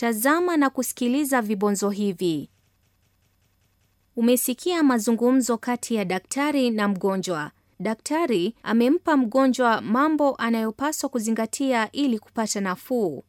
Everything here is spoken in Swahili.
Tazama na kusikiliza vibonzo hivi. Umesikia mazungumzo kati ya daktari na mgonjwa. Daktari amempa mgonjwa mambo anayopaswa kuzingatia ili kupata nafuu.